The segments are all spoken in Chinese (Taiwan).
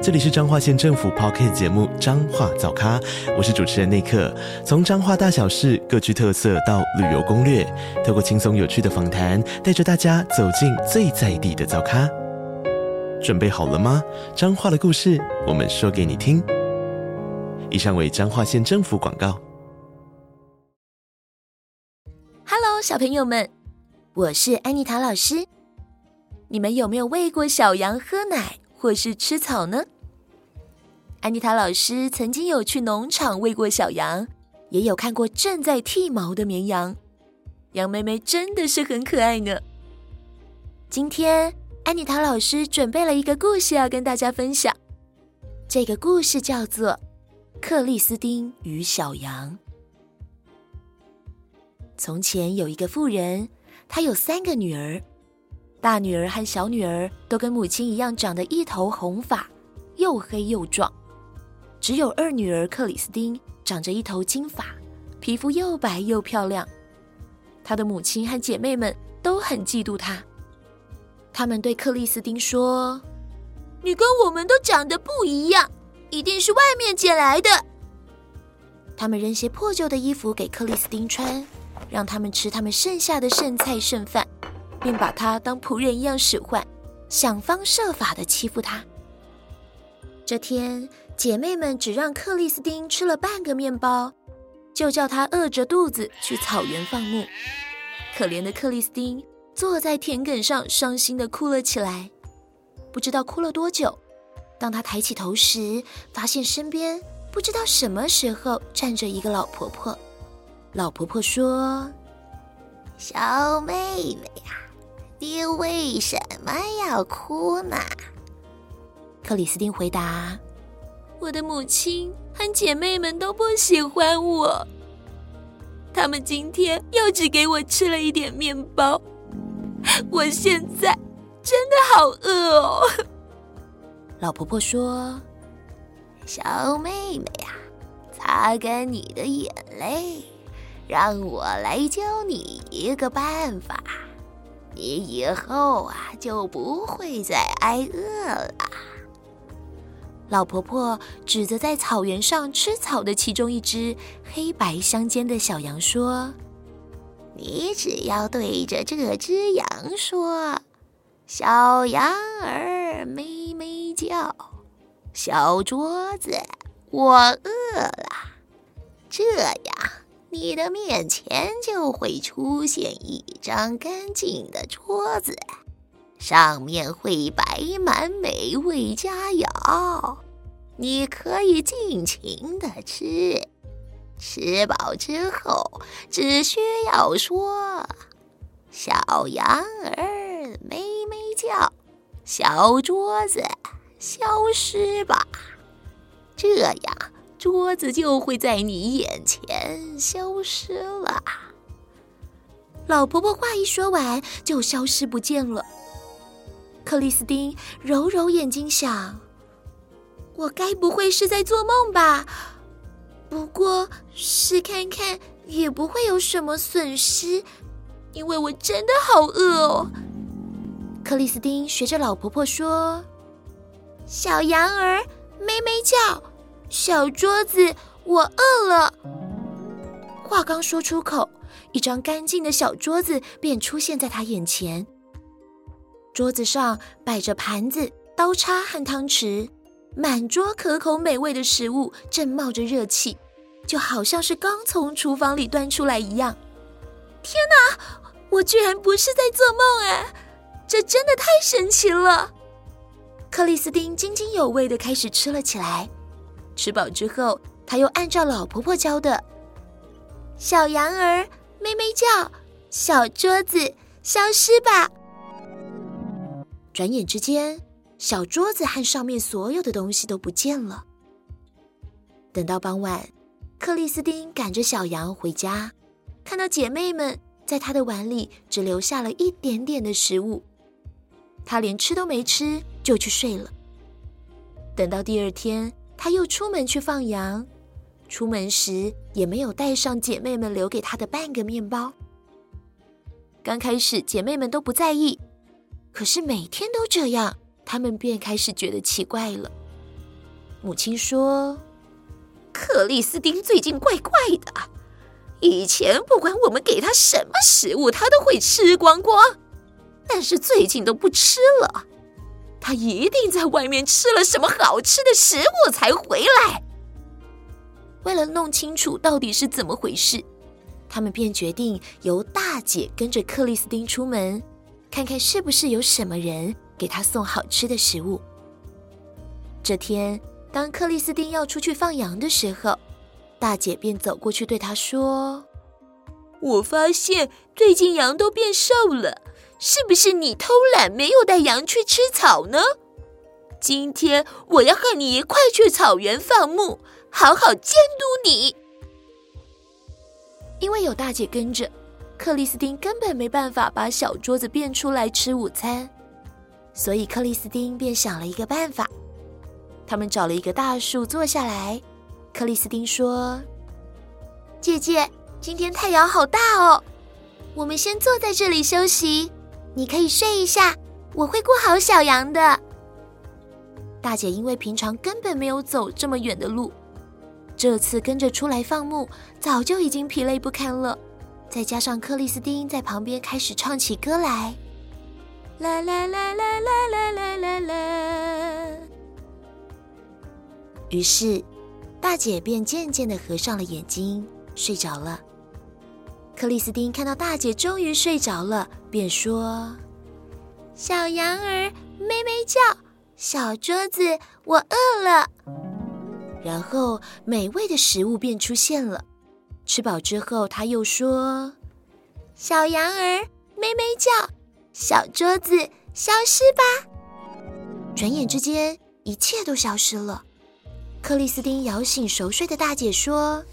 這裡是彰化縣政府 Podcast 節目《彰化早咖》，我是主持人內克。從彰化大小事各具特色到旅遊攻略，透過輕鬆有趣的訪談，帶着大家走進最在地的早咖。準備好了嗎？彰化的故事，我們說給你聽。以上為彰化縣政府廣告。Hello，小朋友們，我是安妮塔老師。你們有沒有餵過小羊喝奶或是吃草呢？安妮塔老師曾經有去農場餵過小羊，也有看過正在剃毛的綿羊，羊咩咩真的是很可愛呢。今天安妮塔老師準備了一個故事要跟大家分享，這個故事叫做《克莉斯汀與小羊》。從前有一個富人，他有三個女兒，大女兒和小女兒都跟母親一樣長得一頭紅髮，又黑又壯。只有二女兒克莉斯汀長着一頭金髮，皮膚又白又漂亮。她的母親和姐妹們都很嫉妒她。她們對克莉斯汀說：“你跟我們都長得不一樣，一定是外面撿來的。”她們扔些破舊的衣服給克莉斯汀穿，讓她們吃她們剩下的剩菜剩飯，並把她當僕人一樣使喚，想方設法地欺負她。這天。姐妹們只讓克莉斯汀吃了半個麵包，就叫他餓着肚子去草原放牧。可憐的克莉斯汀坐在田埂上，傷心的哭了起來。不知道哭了多久，當他抬起頭時，發現身邊不知道什麼時候站着一個老婆婆。老婆婆說：“小妹妹呀、啊，你為什麼要哭呢？”克莉斯汀回答。我的母親和姐妹們都不喜歡我。她們今天又只給我吃了一點麵包。我現在真的好餓哦。老婆婆說：“小妹妹呀，擦乾你的眼淚，讓我來教你一個辦法，你以後啊就不會再挨餓了。”老婆婆指着在草原上吃草的其中一隻黑白相間的小羊說：“你只要對着這隻羊說，小羊兒咩咩叫，小桌子，我餓了。這樣，你的面前就會出現一張乾淨的桌子。”上面會擺滿美味佳餚，你可以盡情的吃。吃飽之後，只需要說：“小羊兒咩咩叫，小桌子消失吧。”這樣桌子就會在你眼前消失了。老婆婆話一說完，就消失不見了。克里斯汀揉揉眼睛，想：“我該不會是在做夢吧？不過是看看，也不會有什麼損失，因為我真的好餓哦。”克莉斯汀學着老婆婆說：“小羊兒咩咩叫，小桌子，我餓了。”話剛說出口，一張乾淨的小桌子便出現在她眼前。桌子上擺着盤子、刀叉和湯匙，滿桌可口美味的食物正冒着熱氣，就好像是剛從廚房裡端出來一樣。天哪，我居然不是在做夢哎，這真的太神奇了！克莉斯汀津津有味地開始吃了起來。吃飽之後，她又按照老婆婆教的：“小羊兒咩咩叫，小桌子消失吧。”轉眼之間，小桌子和上面所有的東西都不見了。等到傍晚，克莉絲汀趕着小羊回家，看到姐妹們在她的碗裡只留下了一點點的食物，她連吃都沒吃就去睡了。等到第二天，她又出門去放羊，出門時也沒有帶上姐妹們留給她的半個麵包。剛開始，姐妹們都不在意。可是每天都這樣，他們便開始覺得奇怪了。母親說：“克莉斯汀最近怪怪的，以前不管我們給他什麼食物，他都會吃光光，但是最近都不吃了。他一定在外面吃了什麼好吃的食物才回來。”為了弄清楚到底是怎麼回事，他們便決定由大姐跟着克莉斯汀出門。看看是不是有什麼人給他送好吃的食物。這天，當克莉斯汀要出去放羊的時候，大姐便走過去對他說：“我發現最近羊都變瘦了，是不是你偷懶沒有帶羊去吃草呢？今天我要和你一塊去草原放牧，好好監督你，因為有大姐跟着。”克莉絲汀根本沒辦法把小桌子變出來吃午餐，所以克莉絲汀便想了一個辦法。他們找了一個大樹坐下來。克莉絲汀說：“姐姐，今天太陽好大哦，我們先坐在這裡休息。你可以睡一下，我會顧好小羊的。”大姐因為平常根本沒有走這麼遠的路，這次跟着出來放牧，早就已經疲累不堪了。再加上克莉絲汀在旁邊開始唱起歌來，啦啦啦啦啦啦啦啦啦。於是大姐便漸漸的合上了眼睛，睡着了。克莉絲汀看到大姐終於睡着了，便說：“小羊兒咩咩叫，小桌子我餓了。”然後美味的食物便出現了。吃飽之後，他又說：“小羊兒咩咩叫，小桌子消失吧。”轉眼之間，一切都消失了。克莉斯汀搖醒熟睡的大姐，說：“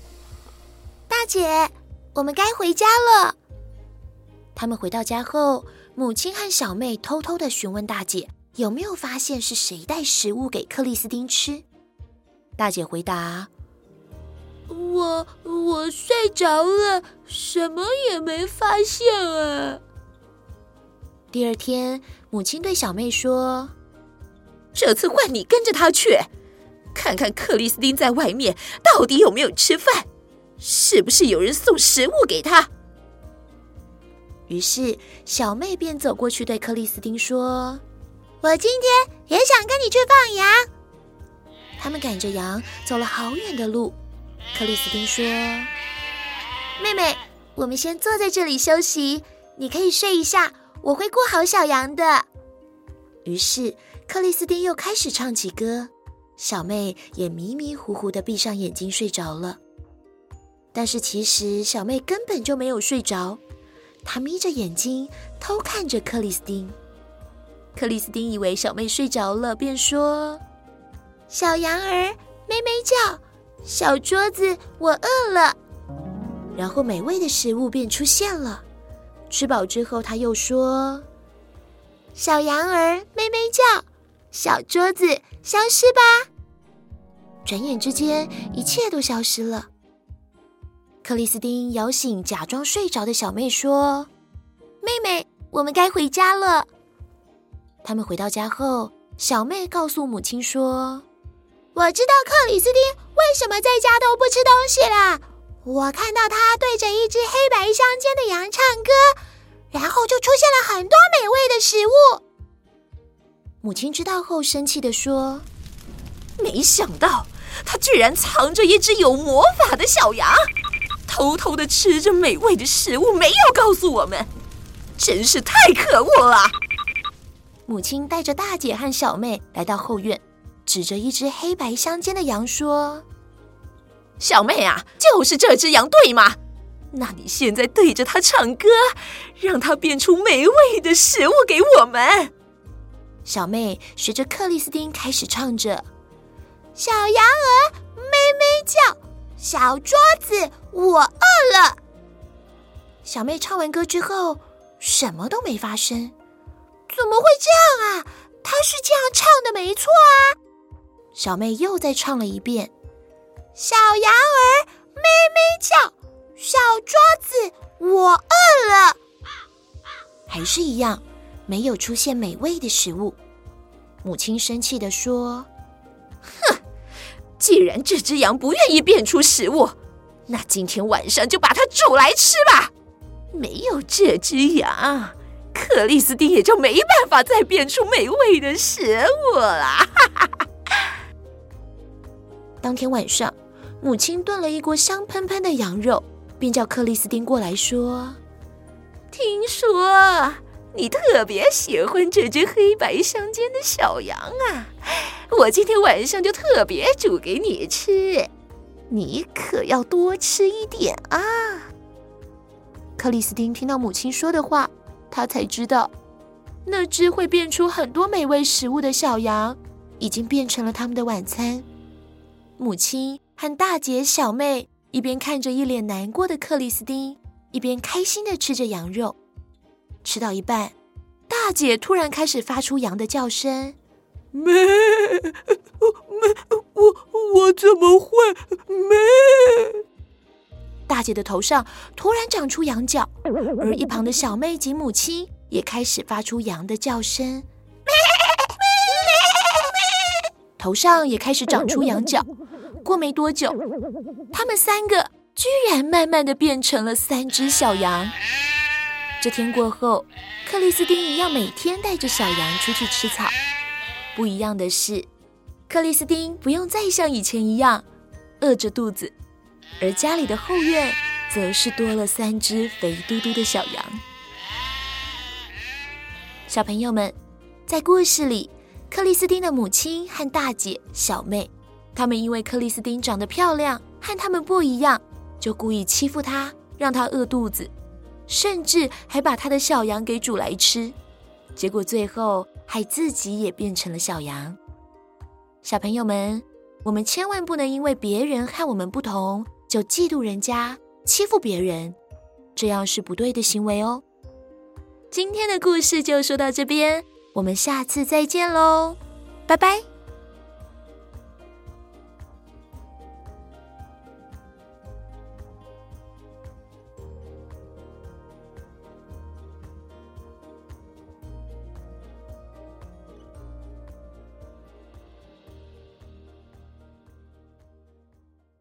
大姐，我們該回家了。”他們回到家後，母親和小妹偷偷地詢問大姐有沒有發現是誰帶食物給克莉斯汀吃。大姐回答，我我睡着了，什麼也沒發現啊。第二天，母親對小妹說：“這次換你跟着她去，看看克莉斯汀在外面到底有沒有吃飯，是不是有人送食物給她。”於是，小妹便走過去對克莉斯汀說：“我今天也想跟你去放羊。”他們趕着羊走了好遠的路。克莉斯汀說：“妹妹，我們先坐在這裡休息，你可以睡一下，我會顧好小羊的。”於是克莉斯汀又開始唱起歌，小妹也迷迷糊糊的閉上眼睛睡着了。但是其實小妹根本就沒有睡着，她眯着眼睛偷看着克莉斯汀。克莉斯汀以為小妹睡着了，便說：“小羊兒咩咩叫。”小桌子，我餓了，然後美味的食物便出現了。吃飽之後，他又說：“小羊兒咩咩叫，小桌子消失吧。”轉眼之間，一切都消失了。克莉斯汀搖醒假裝睡着的小妹說：“妹妹，我們該回家了。”他們回到家後，小妹告訴母親說：“我知道，克莉斯汀。為什麼在家都不吃東西了？我看到他對着一只黑白相間的羊唱歌，然後就出現了很多美味的食物。母親知道後生氣地說：“沒想到他居然藏着一只有魔法的小羊，偷偷地吃着美味的食物，沒有告訴我們，真是太可惡了。”母親帶着大姐和小妹來到後院，指着一只黑白相間的羊說。小妹啊，就是這隻羊，對嗎？那你現在對着它唱歌，讓它變出美味的食物給我們。小妹學着克莉斯汀開始唱着：“小羊兒咩咩叫，小桌子，我餓了。”小妹唱完歌之後，什麼都沒發生。怎麼會這樣啊？她是這樣唱的，沒錯啊。小妹又再唱了一遍。小羊兒咩咩叫，小桌子，我餓了。還是一樣，沒有出現美味的食物。母親生氣地說：“哼，既然這隻羊不願意變出食物，那今天晚上就把它煮來吃吧。沒有這隻羊，克莉絲汀也就沒辦法再變出美味的食物了。”哈哈，當天晚上。母親燉了一鍋香噴噴的羊肉，便叫克莉絲汀過來，說：“聽說你特別喜歡這隻黑白相間的小羊啊，我今天晚上就特別煮給你吃，你可要多吃一點啊。”克莉絲汀聽到母親說的話，她才知道，那隻會變出很多美味食物的小羊，已經變成了他們的晚餐。母親。和大姐小妹，一邊看着一臉難過的克莉斯汀，一邊開心地吃着羊肉。吃到一半，大姐突然開始發出羊的叫聲：“咩，我我我怎麼會咩？”大姐的頭上突然長出羊角，而一旁的小妹及母親也開始發出羊的叫聲。頭上也開始長出羊角，過沒多久，他們三個居然慢慢的變成了三隻小羊。這天過後，克莉絲汀一樣每天帶着小羊出去吃草。不一樣的是，克莉絲汀不用再像以前一樣餓着肚子，而家裡的後院則是多了三隻肥嘟嘟的小羊。小朋友們，在故事裡，克莉斯汀的母親和大姐、小妹，他們因為克莉斯汀長得漂亮，和他們不一樣，就故意欺負她，讓她餓肚子，甚至還把他的小羊給煮來吃，結果最後害自己也變成了小羊。小朋友們，我們千萬不能因為別人和我們不同就嫉妒人家、欺負別人，這樣是不對的行為哦。今天的故事就說到這邊。我們下次再見嘍，拜拜。